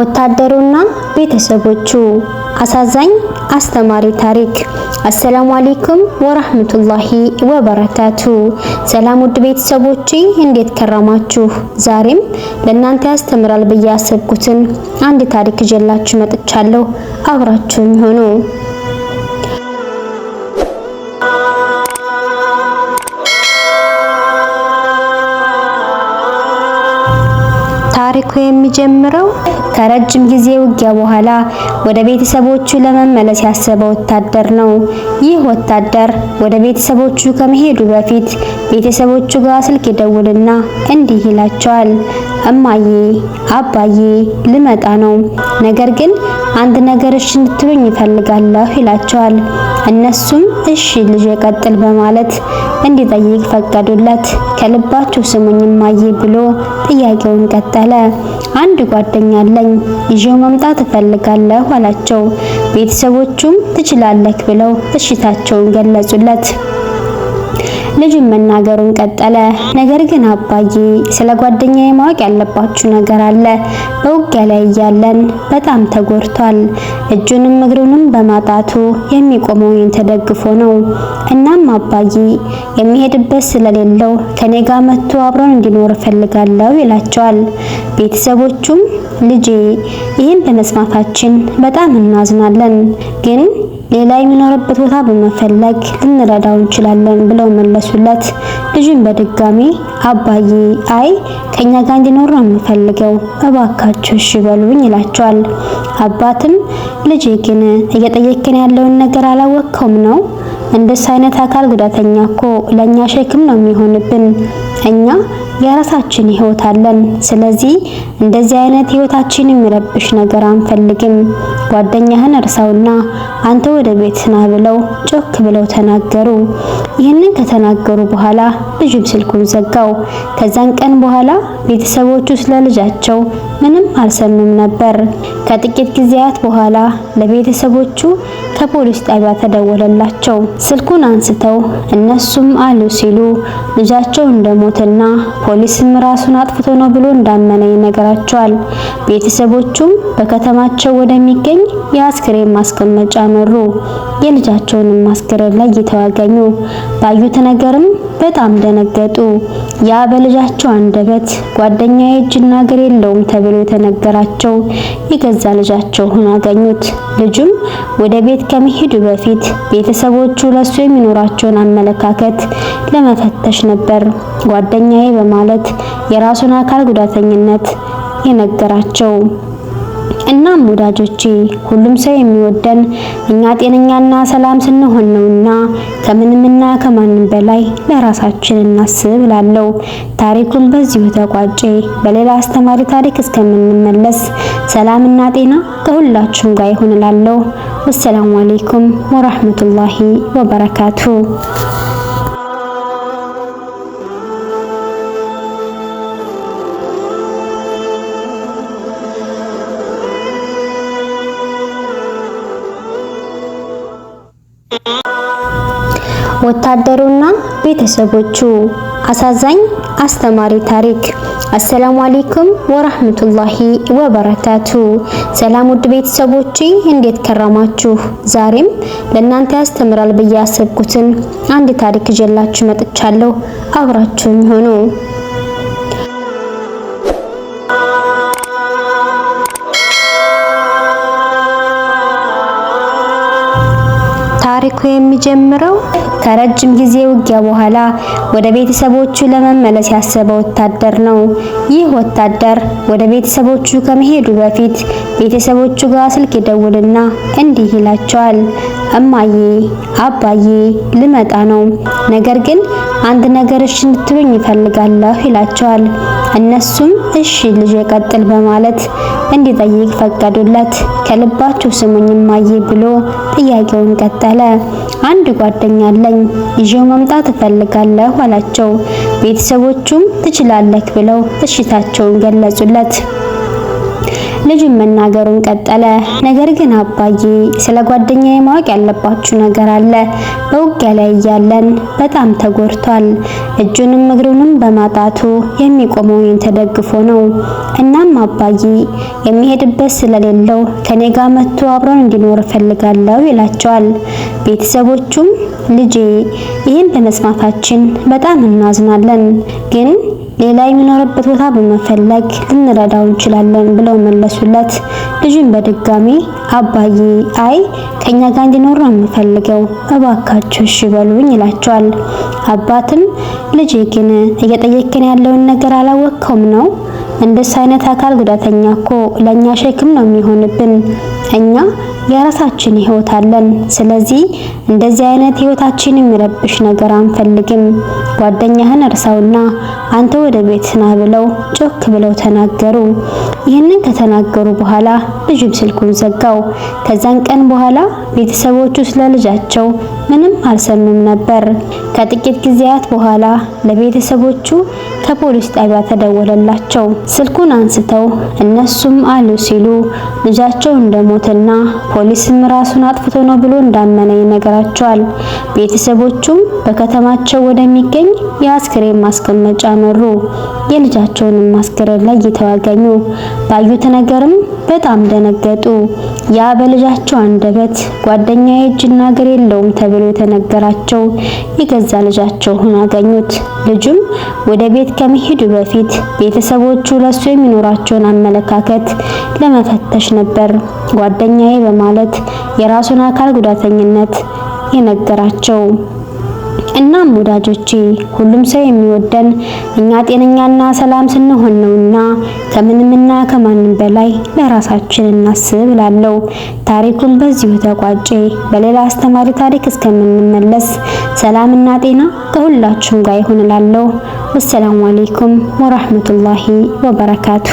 ወታደሩና ቤተሰቦቹ አሳዛኝ አስተማሪ ታሪክ። አሰላሙ አለይኩም ወራህመቱላሂ ወበረካቱ። ሰላም ውድ ቤተሰቦቼ እንዴት ከረማችሁ? ዛሬም ለእናንተ ያስተምራል ብዬ ያሰብኩትን አንድ ታሪክ ይዤላችሁ መጥቻለሁ። አብራችሁኝ ሆኑ። ታሪኩ የሚጀምረው ከረጅም ጊዜ ውጊያ በኋላ ወደ ቤተሰቦቹ ለመመለስ ያሰበ ወታደር ነው። ይህ ወታደር ወደ ቤተሰቦቹ ከመሄዱ በፊት ቤተሰቦቹ ጋር ስልክ ይደውልና እንዲህ ይላቸዋል። እማዬ አባዬ ልመጣ ነው፣ ነገር ግን አንድ ነገር እሺ እንድትሉኝ ይፈልጋለሁ ይላቸዋል። እነሱም እሺ ልጅ ቀጥል በማለት እንዲጠይቅ ፈቀዱለት። ከልባችሁ ስሙኝ እማዬ ብሎ ጥያቄውን ቀጠለ። አንድ ጓደኛ አለኝ ይዤው መምጣት እፈልጋለሁ አላቸው። ቤተሰቦቹም ትችላለህ ብለው እሽታቸውን ገለጹለት። ልጁን መናገሩን ቀጠለ። ነገር ግን አባዬ ስለ ጓደኛዬ ማወቅ ያለባችሁ ነገር አለ። በውጊያ ላይ እያለን በጣም ተጎድቷል። እጁንም እግሩንም በማጣቱ የሚቆመው እኔን ተደግፎ ነው። እናም አባዬ የሚሄድበት ስለሌለው ከኔ ጋር መጥቶ አብሮን እንዲኖር እፈልጋለሁ ይላቸዋል። ቤተሰቦቹም ልጄ ይህን በመስማታችን በጣም እናዝናለን ግን ሌላ የሚኖርበት ቦታ በመፈለግ ልንረዳው እንችላለን ብለው መለሱለት። ልጁን በድጋሚ አባዬ አይ ከኛ ጋር ነው የምፈልገው እባካችሁ እሺ በሉኝ ይላቸዋል። አባትም ልጄ ግን እየጠየቅን ያለውን ነገር አላወቅከውም ነው እንደስ አይነት አካል ጉዳተኛ እኮ ለኛ ሸክም ነው የሚሆንብን። እኛ የራሳችን ህይወት አለን። ስለዚህ እንደዚህ አይነት ህይወታችን የሚረብሽ ነገር አንፈልግም። ጓደኛህን እርሳውና አንተ ወደ ቤት ና ብለው ጮክ ብለው ተናገሩ። ይህንን ከተናገሩ በኋላ ልጁም ስልኩን ዘጋው። ከዛን ቀን በኋላ ቤተሰቦቹ ስለ ልጃቸው ምንም አልሰሙም ነበር። ከጥቂት ጊዜያት በኋላ ለቤተሰቦቹ ከፖሊስ ጣቢያ ተደወለላቸው። ስልኩን አንስተው እነሱም አሉ ሲሉ ልጃቸው እንደሞተና ፖሊስም ራሱን አጥፍቶ ነው ብሎ እንዳመነ ይነገራቸዋል። ቤተሰቦቹም በከተማቸው ወደሚገኝ የአስክሬን ማስቀመጫ መሩ። የልጃቸውንም አስክሬን ላይ እየተዋገኙ ባዩት ነገርም በጣም ደነገጡ። ያ በልጃቸው አንደበት ጓደኛዬ እጅና እግር የለውም ተብሎ የተነገራቸው ገዛ ልጃቸው ሆኖ አገኙት። ልጁም ወደ ቤት ከመሄዱ በፊት ቤተሰቦቹ ለሱ የሚኖራቸውን አመለካከት ለመፈተሽ ነበር ጓደኛዬ በማለት የራሱን አካል ጉዳተኝነት የነገራቸው። እናም ወዳጆቼ ሁሉም ሰው የሚወደን እኛ ጤነኛና ሰላም ስንሆን ነውና ከምንምና ከማንም በላይ ለራሳችን እናስብ እላለሁ። ታሪኩን በዚሁ ተቋጨ። በሌላ አስተማሪ ታሪክ እስከምንመለስ ሰላምና ጤና ከሁላችሁም ጋር ይሁን እላለሁ። ወሰላሙ አሌይኩም ወራህመቱላሂ ወበረካቱ። ወታደሩና ቤተሰቦቹ አሳዛኝ አስተማሪ ታሪክ። አሰላሙ አለይኩም ወራህመቱላሂ ወበረካቱ። ሰላም ውድ ቤተሰቦች እንዴት ከረማችሁ? ዛሬም ለእናንተ ያስተምራል ብዬ ያሰብኩትን አንድ ታሪክ ይዤላችሁ መጥቻለሁ። አብራችሁኝ ሆኑ። ታሪኩ የሚጀምረው ከረጅም ጊዜ ውጊያ በኋላ ወደ ቤተሰቦቹ ለመመለስ ያሰበ ወታደር ነው። ይህ ወታደር ወደ ቤተሰቦቹ ከመሄዱ በፊት ቤተሰቦቹ ጋር ስልክ ይደውልና እንዲህ ይላቸዋል። እማዬ፣ አባዬ ልመጣ ነው፣ ነገር ግን አንድ ነገር እሺ እንድትሉኝ ይፈልጋለሁ ይላቸዋል። እነሱም እሺ ልጅ ቀጥል በማለት እንዲጠይቅ ፈቀዱለት። ከልባቸው ስሙኝ እማዬ ብሎ ጥያቄውን ቀጠለ። አንድ ጓደኛ አለኝ ይዤው መምጣት እፈልጋለሁ አላቸው። ቤተሰቦቹም ትችላለህ ብለው እሽታቸውን ገለጹለት። ልጁን መናገሩን ቀጠለ። ነገር ግን አባዬ ስለ ጓደኛዬ ማወቅ ያለባችሁ ነገር አለ። በውጊያ ላይ እያለን በጣም ተጎድቷል። እጁንም እግሩንም በማጣቱ የሚቆመው ተደግፎ ነው። እናም አባዬ የሚሄድበት ስለሌለው ከኔ ጋር መጥቶ አብሮን እንዲኖር እፈልጋለሁ ይላቸዋል። ቤተሰቦቹም ልጄ ይህን በመስማታችን በጣም እናዝናለን ግን ሌላ የሚኖርበት ቦታ በመፈለግ ልንረዳው እንችላለን ብለው መለሱለት። ልጁን በድጋሚ አባዬ አይ ከኛ ጋር እንዲኖሩ የምፈልገው እባካችሁ እሺ በሉኝ ይላቸዋል። አባትም ልጄ ግን እየጠየቅን ያለውን ነገር አላወቅከውም ነው እንደስ አይነት አካል ጉዳተኛ እኮ ለኛ ሸክም ነው የሚሆንብን እኛ የራሳችን ህይወት አለን። ስለዚህ እንደዚህ አይነት ህይወታችን የሚረብሽ ነገር አንፈልግም። ጓደኛህን እርሳውና አንተ ወደ ቤት ና ብለው ጮክ ብለው ተናገሩ። ይህንን ከተናገሩ በኋላ ልጁም ስልኩን ዘጋው። ከዛን ቀን በኋላ ቤተሰቦቹ ስለ ልጃቸው ምንም አልሰሙም ነበር። ከጥቂት ጊዜያት በኋላ ለቤተሰቦቹ ከፖሊስ ጣቢያ ተደወለላቸው። ስልኩን አንስተው እነሱም አሉ ሲሉ ልጃቸው እንደሞተና ፖሊስም ራሱን አጥፍቶ ነው ብሎ እንዳመነ ይነግራቸዋል። ቤተሰቦቹም በከተማቸው ወደሚገኝ የአስክሬን ማስቀመጫ መሩ። የልጃቸውንም አስክሬን ላይ እየተዋገኙ ባዩት ነገርም በጣም ደነገጡ። ያ በልጃቸው አንደበት ጓደኛዬ እጅና እግር የለውም ተብሎ የተነገራቸው የገዛ ልጃቸው ሆኖ አገኙት። ልጁም ወደ ቤት ከመሄዱ በፊት ቤተሰቦቹ ለሱ የሚኖራቸውን አመለካከት ለመፈተሽ ነበር ጓደኛዬ በማለት የራሱን አካል ጉዳተኝነት የነገራቸው። እናም ወዳጆቼ ሁሉም ሰው የሚወደን እኛ ጤነኛና ሰላም ስንሆን ነውና ከምንምና ከማንም በላይ ለራሳችን እናስብ እላለሁ። ታሪኩን በዚሁ ተቋጨ። በሌላ አስተማሪ ታሪክ እስከምንመለስ ሰላምና ጤና ከሁላችሁም ጋር ይሁን እላለሁ። ወሰላሙ አሌይኩም ወራህመቱላሂ ወበረካቱ።